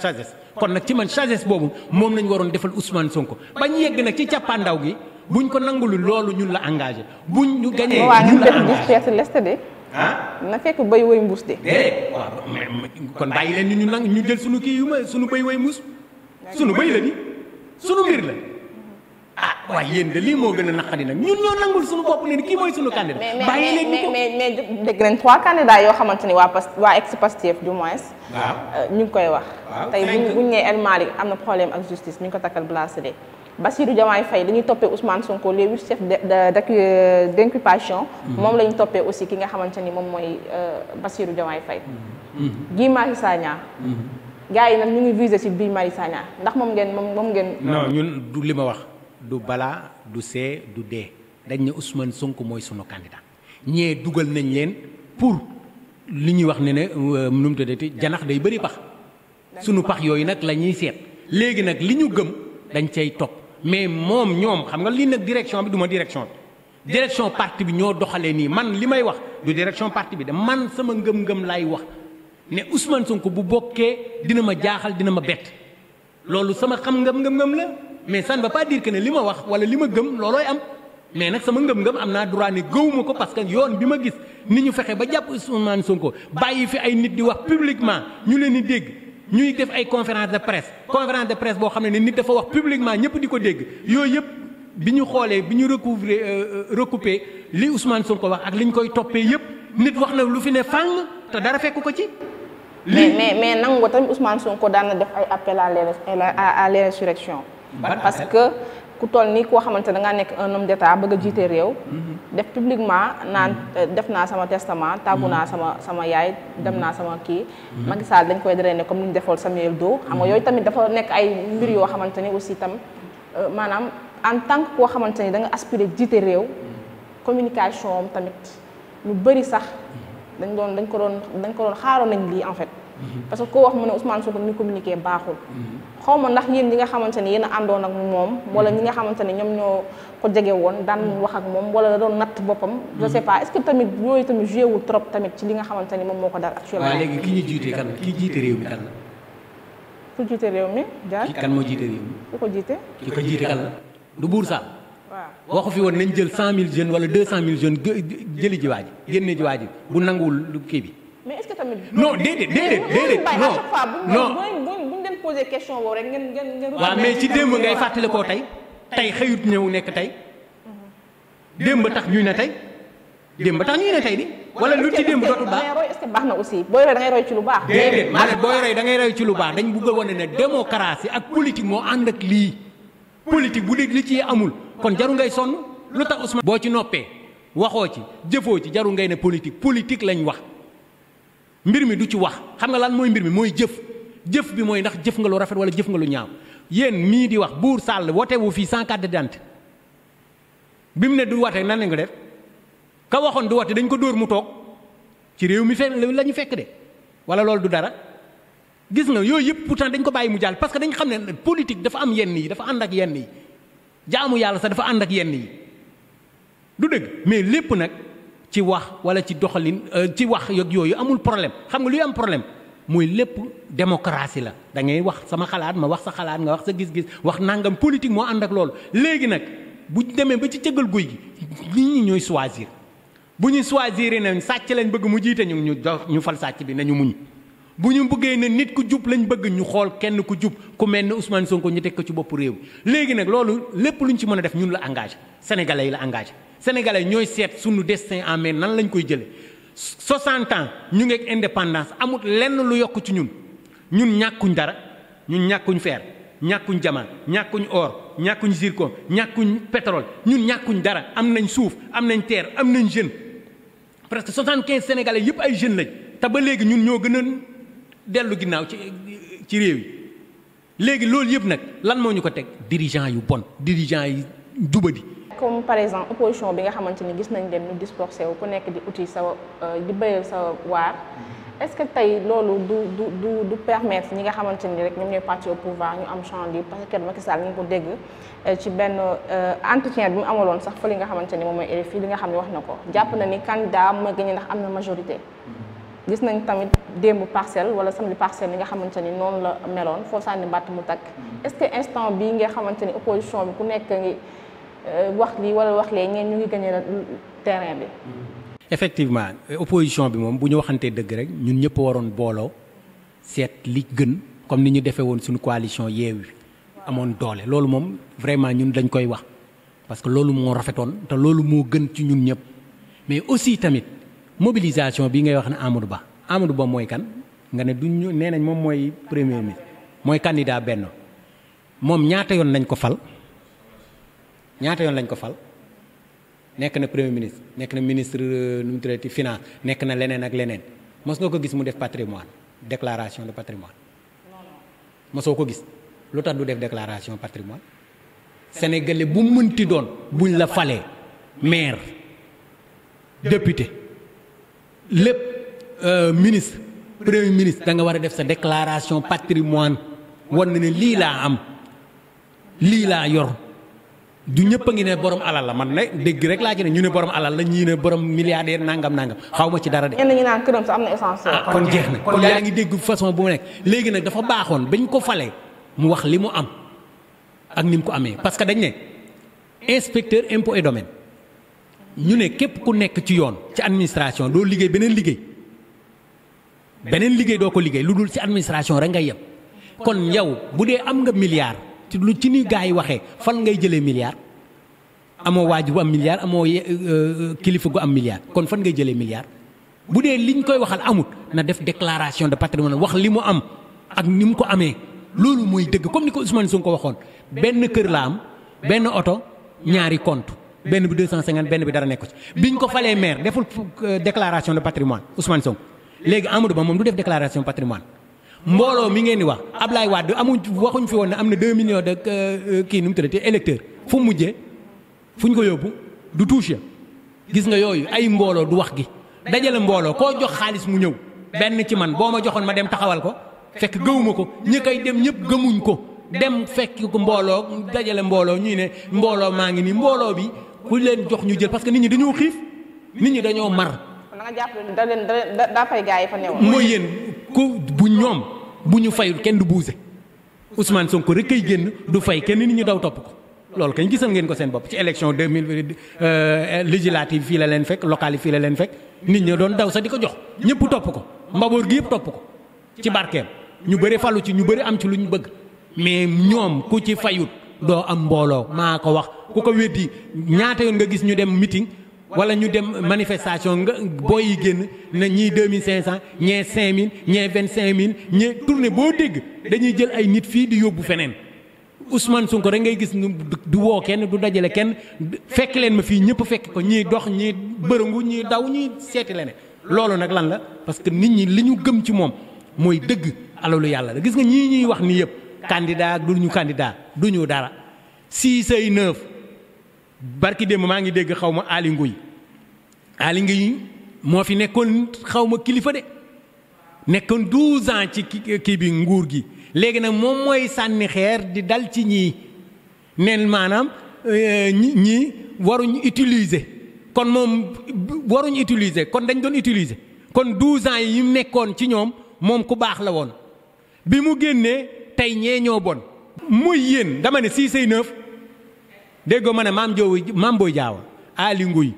Speaker 2: chages euh, euh, kon nag ci man chages boobu moom lañ waroon defal Ousmane Sonko bañ yegg nag ci càppaandaw gi buñ ko nangulu loolu ñun la engagé buñ ñu gañee ñun la engagé
Speaker 1: ah na fekk béy way mbuus de. déedéet
Speaker 2: waaw kon bàyyi leen ni ñu nang ñu jël suñu kii yu ma suñu béy way mbuus suñu béy la ni suñu mbir la ah waaye yéen de lii moo gën a naqari nag ñun ñoo nangul suñu bopp ne kii mooy suñu candidat. bàyyi leen ñu ko mais
Speaker 1: mais mais dégg nañ trois candidats yoo xamante ni waa past waa ex Pastef du moins. waaw euh, ñu ngi koy
Speaker 2: wax. waaw tey buñ buñ
Speaker 1: nee El Malick am na problème ak justice mi ngi ko takkal blasé de. Bassirou Diomaye fay dañuy toppee Ousmane Sonko les huit d' inculpation mm-hmm. moom la ñu toppee aussi ki nga xamante ni moom mooy euh, Bassirou Diomaye Faye mm-hmm. Mm-hmm. Guy Marius Sagna gars yi nag ñu ngi visé ci Guy Marius ndax moom ngeen moom moom ngeen
Speaker 2: ñun du li ma wax du balaa du see du dee dañ ne Ousmane Sonko mooy sunu candidat ñee dugal nañ leen pour li ñuy wax ne ne euh, nu mu tuddati janax day bëri pax sunu pax yooyu nag la ñuy seet léegi nag li ñu gëm dañ cay topp mais moom ñoom xam nga lii nag direction bi du ma direction bi direction parti bi ñoo doxalee nii man li may wax du direction parti bi de man sama ngëm-ngëm laay wax ne Ousmane Sonko bu bokkee dina ma jaaxal dina ma bett loolu sama xam ngëm-ngëm la mais ça ne veut pas dire ne li ma wax wala li ma gëm loolooy am mais nag sama ngëm-ngëm am naa droit ne gëwuma ko parce que yoon bi ma gis ni ñu fexe ba jàpp Ousmane Sonko bàyyi fi ay nit di wax publiquement ñu leen di dégg. ñuy def ay conférence de presse conférence de presse boo xam ne nit dafa wax publiquement ñëpp di ko dégg yooyu yëpp bi ñu xoolee bi ñu recouvrer recouper li Ousmane Sonko wax ak li ñu koy toppee yëpp nit wax na lu fi ne fàng te dara fekk ko ci. lii mais mais nangu
Speaker 1: tamit Ousmane Sonko daan na def ay appel à l' à à l' parce que. ku toll ni koo xamante da ngaa nekk un homme d'état bëgga a jiite réew. Mm-hmm. def publiquement naan mm-hmm. euh, def naa sama testament. tàggu mm-hmm. naa sama sama yaay dem naa sama kii. Macky Sall dañ koy deree drainer comme ni ñu defoon Samuel do xam nga yooyu tamit dafa nekk ay mbir yoo xamante ni aussi tam euh, maanaam en tant koo xamante ni da nga aspirer jiite réew. communication tamit lu bëri sax dañ doon dañ ko doon dañ ko doon xaaroon nañ lii en fait. Mhm. parce que koo wax mu ne Ousmane Sonko ñu communiqué baaxul. Mhm. xaw ma ndax yéen ñi nga xamante ni yéen a àndoon ak moom. wala ñi nga xamante ni ñoom ñoo ko jege woon daan mhm. wax ak moom wala la doon natt boppam. je pas est que tamit yooyu tamit joué trop tamit ci li nga xamante ni moom moo ko dal actuellement. waaw léegi ki ñu
Speaker 2: jiite kan ki jiite réew mi kan la.
Speaker 1: ku mi Dia. moo jiite réew mi. ku ko jiite.
Speaker 2: ki ko jiite kan la du buur Sall. waaw waxu fi woon nañ jël cent mille jeunes wala deux cent mille jeunes jëli ji waa ji génne kii bi
Speaker 1: tamit. non déedéet déedéet déedéet non bu ñu dem poser rek ngeen ngeen ngeen. waaw mais ci démb ngay fàttali koo
Speaker 2: tey tey xëyut ñëw nekk tey mm-hmm. démb tax ñuy ne tey démb tax ñuy ne tey di. wala lu ci démb
Speaker 1: dootul baax na aussi booy roy da ngay roy ci lu baax. déedéet
Speaker 2: booy roy da ngay roy ci lu baax dañ bugg a wane ne démocratie ak politique moo ànd ak lii politique bu dégg li ci amul kon jaru ngay sonn lu tax Ousmane. boo ci noppee waxoo ci jëfoo ci jaru ngay ne politique politique lañ wax. mbir mi du ci wax xam nga lan mooy mbir mi mooy jëf jëf bi mooy ndax jëf nga lu rafet wala jëf nga lu ñaaw yéen mii di wax buur sàll woote fii sans carte d'identité bi mu ne du wate nan la nga def ka waxoon du wate dañ ko dóor mu toog ci réew mi fekk la ñu fekk de wala loolu du dara gis nga yooyu yëpp pourtant dañ ko bàyyi mu jàll parce que dañ xam ne politique dafa am yenn yi dafa ànd ak yenn yi jaamu yàlla sax dafa ànd ak yenn yi du dëgg mais lépp nag. ci wax wala ci doxalin euh, ci wax yog yooyu amul problème xam nga luy am problème muy lépp démocratie la dangay wax sama xalaat ma wax sa xalaat nga wax sa gis-gis wax nangam politique moo ànd ak loolu léegi nag bu demee ba ci cëggal guy gi nit ñuy ñooy choisir bu ñu choisir nañ sàcc lañ bëgg mu jiite ñu ñu jox ñu fal sàcc bi nañu muñ bu ñu bëggee ne nit ku jub lañ bëgg ñu xool kenn ku jub ku mel ne Ousmane Sonko ñu teg ko ci bopp réew léegi nag loolu lépp luñ ci mën a def ñun la engagé sénégalais yi la engagé. sénégalais ñooy seet suñu destin en main nan lañ koy jëlee 60 ans ñu ngeeg indépendance amut lenn lu yokk ci ñun ñun ñàkkuñ dara ñun ñàkkuñ fer ñàkkuñ jaman ñàkkuñ or ñàkkuñ zircon ñàkkuñ pétrole ñun ñàkkuñ dara am nañ suuf am nañ terre am nañ parce que presque 75 sénégalais yëpp ay jeunes lañ te ba léegi ñun ñoo gën a dellu ginnaaw ci ci réew yi léegi loolu yëpp nag lan moo ñu ko teg dirigeant yu bon dirigeant yi jubadi
Speaker 1: comme par exemple opposition bi nga xamante ni gis nañ leen ñu dispersé wu ku nekk di uti sa euh, di béyal sa waar mm-hmm. est-ce que tey loolu du du du du ñi nga xamante ni rek ñoom ñooy parti au pouvoir ñu am champ libre parce ko dégg euh, ci benn euh, entretien bi mu amaloon sax fa li nga xamante ni moom mooy RFI li nga xam ne wax na ko jàpp na ni candidat mooy gagné ndax am na majorité mm-hmm. gis nañ tamit démb parcelle wala samedi parcelle yi nga xamante ni noonu la meloon foo sànni mbàtt mu takk mm-hmm. est-ce que instant bii nga xamante opposition bi ku nekk ngi Euh, wax lii wala wax lee ñeen ñu ngi gagné terrain bi.
Speaker 2: effectivement opposition bi moom bu ñu waxantee dëgg rek ñun ñëpp waroon booloo seet li gën comme ni ñu defee woon suñu coalition Yewwi amoon doole loolu moom vraiment ñun dañ koy wax parce que loolu moo rafetoon te loolu moo gën ci ñun ñëpp mais aussi tamit mobilisation bi ngay wax ne Amadou Ba Amadou Ba mooy kan nga ne duñ ñu nee nañ moom mooy premier mi mooy kan candidat benn moom ñaata yoon nañ ko fal. ñaata yoon lañ ko fal nekk na premier ministre nekk na ministre euh, nu mu tuddati finance nekk na leneen ak leneen mos nga ko gis mu def patrimoine déclaration de patrimoine mosoo ko gis lu tax du def déclaration patrimoine sénégalais bu ti doon buñ la falee maire député lépp euh, ministre premier ministre da nga war a def sa déclaration patrimoine wan na ne lii laa am lii laa yor du ñëpp a ngi ne borom alal la man ne dégg rek laa ci ne ñu ne borom alal la ñu ne borom milliardaire nangam nangam xaw ma ci dara de. ñenn
Speaker 1: ñi naan këram sax am ah, kon jeex na kon
Speaker 2: yaa ngi dégg façon bu mu nekk léegi nag dafa baaxoon bañ ko falee mu wax li mu am ak ni mu ko amee parce que dañ ne inspecteur impôt et domaine ñu ne képp ku nekk ci yoon ci administration doo liggéey beneen liggéey beneen liggéey doo ko liggéey lu dul ci administration rek ngay yem kon yow bu dee am nga ci lu ci ni gars yi waxee fan ngay jëlee milliard amoo waajur bu am milliard amoo euh, euh, kilifa gu am milliard kon fan ngay jëlee milliard bu dee liñ koy waxal amut na def déclaration de patrimoine wax li mu am ak ni mu ko amee loolu mooy dëgg comme ni ko Ousmane Sonko ko waxoon benn kër la am benn oto ñaari compte benn bi 250 benn bi dara nekk ci biñ ko falee maire deful euh, déclaration de patrimoine Ousmane Sonko léegi Amadou Ba moom du def déclaration patrimoine mbooloo mi ngeen di wax ab Ablaye Wade amuñ waxuñ fi woon ne am na 2 millions de euh, euh, kii nu mu tuddati électeurs fu mu mujjee fu ñu ko yóbbu du touche gis nga yooyu ay mbooloo du wax gi dajale mbooloo koo jox xaalis mu ñëw benn ci man boo ma joxoon ma dem taxawal ko fekk gëwuma ko ñi koy dem ñëpp gëmuñ ko dem fekk ko mbooloo dajale mbooloo ñuy ne mbooloo maa ngi nii mbooloo bi ku leen jox ñu jël parce que nit ñi dañoo xiif nit ñi dañoo mar.
Speaker 1: da nga jàpp
Speaker 2: da ku ñoom bu ñu fayul kenn du buuse Ousmane Sonko rek kay génn du fay kenn nit ñu daw topp ko loolu kañ gisal ngeen ko seen bopp ci élection deux mille euh, législative fii la leen fekk locale yi fii la leen fekk nit ñi doon daw sax di ko jox ñëpp topp ko mbaboor gi yëpp topp ko ci barkeem ñu bëri falu ci ñu bëri am ci lu ñu bëgg mais ñoom ku ci fayut doo am mbooloo maa ko wax ku ko weddi ñaata yoon nga gis ñu dem meeting. wala ñu dem manifestation nga booy yi génn na ñii 2500 ñee 5000 ñee 25000 ñee tournée boo dégg dañuy jël ay nit fii di yóbbu feneen Ousmane Sonko rek ngay gis nu du woo kenn du dajale kenn fekk leen ma fii ñëpp fekk ko ñii dox ñii bërëngu ñii daw ñii seeti leneen loolu nag lan la parce que nit ñi li ñu gëm ci moom mooy dëgg alalu yàlla la gis nga ñii ñuy wax nii yëpp candidat du ñu candidat du ñu dara 6 ay 9. barki démb maa ngi dégg xaw ma Aly Ngouille Aly Ngouille moo fi nekkoon xaw ma kilifa de nekkoon 12 ans ci kii bi nguur gi léegi nag moom mooy sànni xeer di dal ci ñii neen maanaam euh, ñi ñii waruñ utiliser kon moom waruñ utiliser kon dañ doon utiliser kon 12 ans yi mu nekkoon ci ñoom moom ku baax la woon bi mu génnee tey ñee ñoo bon. muy yéen dama ne 6 ay 9. déggoo ma ne maam Joowu maam Boy Diawa Ali Nguy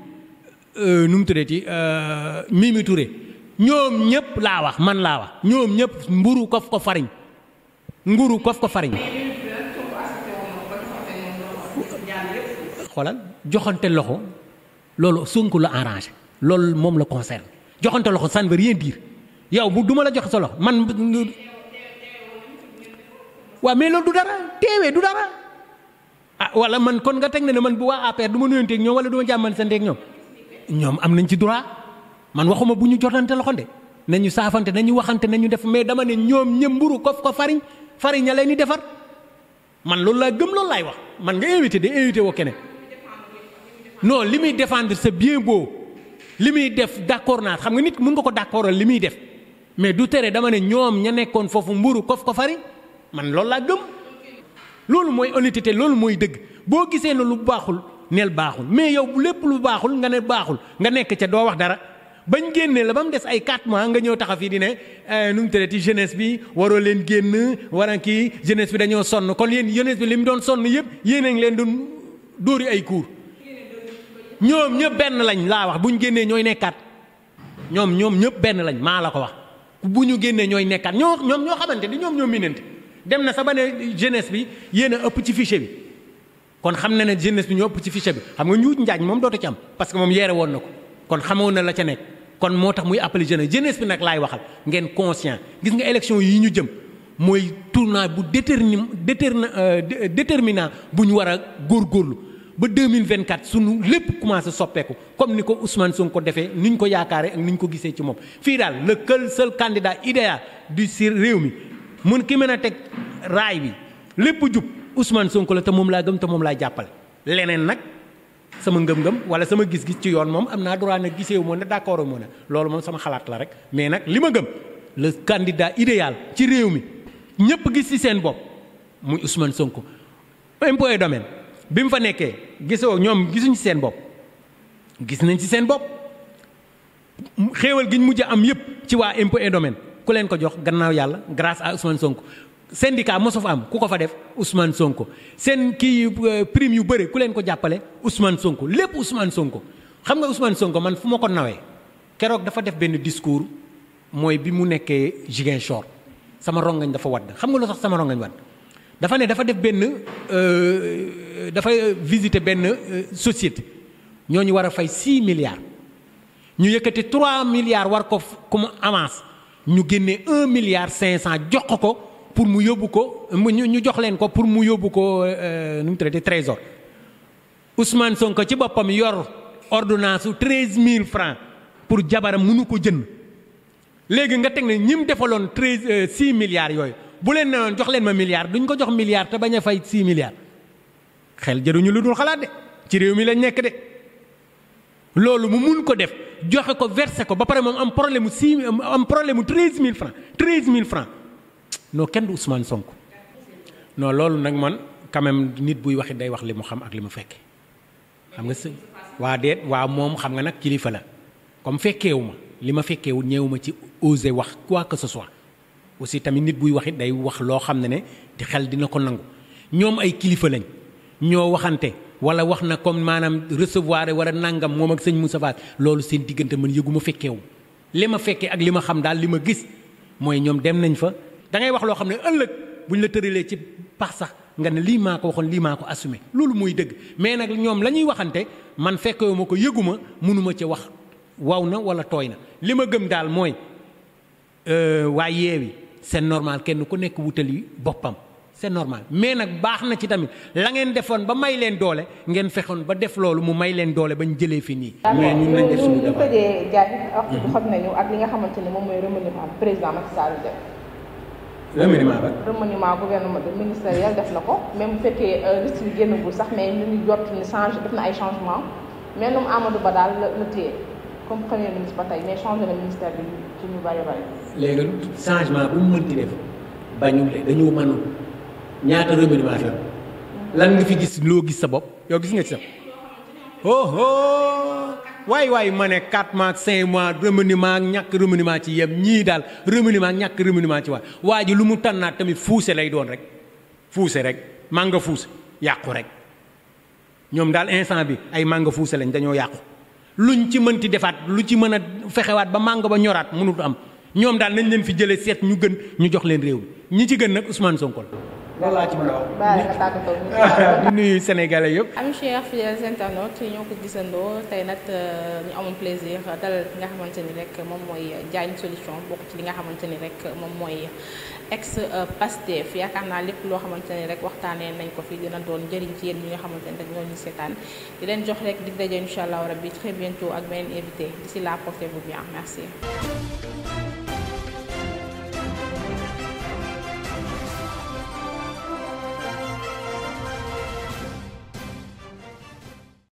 Speaker 2: euh, nu mu tuddati euh, Mimi Touré ñoom ñëpp laa wax man laa wax ñoom ñëpp mburu kof ko fariñ nguru kof ko fariñ xoolal joxante loxo loolu Sonko la arrangé loolu moom la concerne joxante loxo ça ne veut yow bu duma la joxe sa loxo man waaw mais loolu du dara teewee du dara ah man kon nga teg ne ne man bu waa APR du ma nuyoonteeg ñoom wala du ma jàmmanteeg ñoom ñoom am nañ ci droit man waxuma bu ñu jotante loxo de nañu saafante nañu waxante nañu def mais dama ne ñoom ñëm mburu kof ko fariñ fariñ ña leen di defar man loolu laa gëm loolu laay wax man nga invité de invité woo keneen non li muy défendre c'est bien beau li muy def d'accord naa xam nga nit mën nga ko d'accordal li muy def mais du tere dama ne ñoom ña nekkoon foofu mburu kof ko fariñ man loolu laa gëm. loolu mooy honnêteté loolu mooy dëgg boo gisee ne lu baaxul neel baaxul mais yow bu lépp lu baaxul nga ne baaxul nga nekk ca doo wax dara bañ génnee la ba mu des ay 4 mois nga ñëw taxa fii di ne eh, nu mu tëddee ci bi waroo leen génn war a kii jeunesse bi dañoo sonn kon yéen jeunesse bi li mu doon sonn yëpp yéen a ngi leen doon dóori ay cours ñoom ñëpp benn lañ laa wax bu ñu génnee ñooy nekkaat ñoom ñoom ñëpp benn lañ maa la ko wax bu ñu génnee ñooy nekkaat ñoo ñoom ñoo xamante ni ñoom ñoom minante dem na sa ba ne jeunesse bi yéen a ëpp ci fichier bi kon xam na ne jeunesse bi ñoo ëpp ci fiche bi xam nga ñu njaaj moom dootu ci am parce que moom yeere woon na ko kon xamoo na la ca nekk kon moo tax muy appelé jeunesse jeunesse bi nag laay waxal ngeen conscient gis nga élection yi ñu jëm mooy tournant bu détermi euh, déterminant bu ñu war a góor góorlu ba 2024 sunu lépp commencé soppeeku comme ni ko Ousmane Sonko ko defee ni ñu ko yaakaaree ak ni ñu ko gisee ci moom fii daal le seul candidat idéal du si réew mi mun ki mën a teg raay bi lépp jub Ousmane Sonko la te moom laa gëm te moom laa jàppale leneen nag sama ngëm-ngëm wala sama gis-gis ci yoon moom am naa droit nag gisee wu ma ne d'accord moo ne loolu moom sama xalaat la rek mais nag li ma gëm le candidat idéal ci réew mi ñëpp gis ci seen bopp muy Ousmane Sonko impôt et domaine bi mu fa nekkee gisoo ñoom gisuñ ci seen bopp gis nañ ci seen bopp xéewal gi ñu mujj am yëpp ci waa impôt et domaine ku leen ko jox gannaaw yàlla grâce à Ousmane Sonko syndicat mosof am ku ko fa def Ousmane Sonko seen kii euh, prime yu bëri ku leen ko jàppale Ousmane Sonko lépp Ousmane Sonko xam nga Ousmane Sonko man fu ma ko nawee keroog dafa def benn discours mooy bi mu nekkee Ziguinchor sama rongañ dafa wadd xam nga lu sax sama rongañ wadd dafa ne dafa def benn euh, dafa visiter benn euh, société ñu war a fay 6 milliards ñu yëkkati 3 milliards war ko ku mu avance ñu génne un milliard cinq cent jox ko pour mu yóbbu ko ñu ñu jox leen ko pour mu yóbbu ko euh, nu mu traité trésor Ousmane Sonko ci boppam yor ordonnance su treize mille francs pour jabaram mënu ko jënd léegi nga teg ne ñi mu defaloon treize euh, six milliards yooyu bu leen newoon jox leen ma milliard duñ ko jox milliard te bañ a fay six milliards xel jëruñu lu dul xalaat de ci réew mi lañ nekk de. loolu mu mun ko def joxe ko versé ko ba pare moom am problème mu six am problème mu treize mille francs treize mille francs non kenn du Ousmane sonk non loolu nag man quand nit buy waxi day wax li mu xam ak li mu fekke xam nga sëñ waa deet waa moom xam nga nag kilifa la comme fekkeewu ma li ma fekkeewu ñëw ma ci osé wax quoi que ce soit aussi tamit nit buy waxit day wax loo xam ne ne di xel dina ko nangu ñoom ay kilifa lañ ñoo waxante wala wax na comme maanaam recevoir wala nangam moom ak sëñ Moussa Fall loolu seen diggante man yëguma ma li ma fekkee ak li ma xam daal li ma gis mooy ñoom dem nañ fa da ngay wax loo xam ne ëllëg buñ la tëralee ci pax sax nga ne lii maa ko waxoon lii maa ko assumé loolu mooy dëgg mais nag ñoom la ñuy waxante man fekkeewu ma ko yëguma mënuma ci wax waw na wala tooy na li ma gëm daal mooy euh, waa yeewi seen normal kenn ku nekk wutal yi boppam. c'est normal mais nag baax na ci tamit la ngeen defoon ba may leen doole ngeen fexoon ba def loolu mu may leen doole bañ jëlee fi nii. mais ñun nañ def suñu ñu tëjee
Speaker 1: waxtu bi xam nañu ak li nga xamante ni moom mooy remaniement président Macky Sall def. remaniement ba. remaniement gouvernement de ministériel def na ko même bu fekkee euh, liste bi génnagul sax mais ñu ngi jot ni change def na ay changement mais ñoom Amadou Ba daal la la téye comme premier ministre tey mais changé ministère bi
Speaker 2: ci léegi changement bu ñaata rémunération lan nga fi gis loo gis sa bopp yow gis nga ci sa oh waay waay ma ne 4 mois 5 mois remaniement ak ñàkk remaniement ci yem ñii daal remaniement ak ñàkk remaniement ci waay waa ji lu mu tànnaat tamit fuuse lay doon rek fuuse rek màngo fuuse yàqu rek ñoom daal instant bi ay màngo fuuse lañ dañoo yàqu luñ ci mënti defaat lu ci mën a fexewaat ba mànga ba ñoraat mënut am ñoom daal nañ leen fi jëlee seet ñu gën ñu jox leen réew mi ñi ci gën nag Ousmane Sonko la loolu laa ci mën a wax. baale
Speaker 1: nga tàggatoo ñu
Speaker 2: ci nuyu sénégalais yëpp.
Speaker 1: am chers fidèles internautes ñoo ko gisandoo tey nag euh, ñu amoon plaisir dalal ki nga xamante ni rek moom mooy Diagne Solution li nga xamante ni rek moom mooy ex euh, Pastef yaakaar naa lépp loo xamante ni rek waxtaanee nañ ko fi dina doon njëriñ ci yéen ñi nga xamante ni rek ñoo ñu seetaan di leen jox rek dig daje incha allah rabbi très bientôt ak beneen invité d'ici là portez-vous bien merci.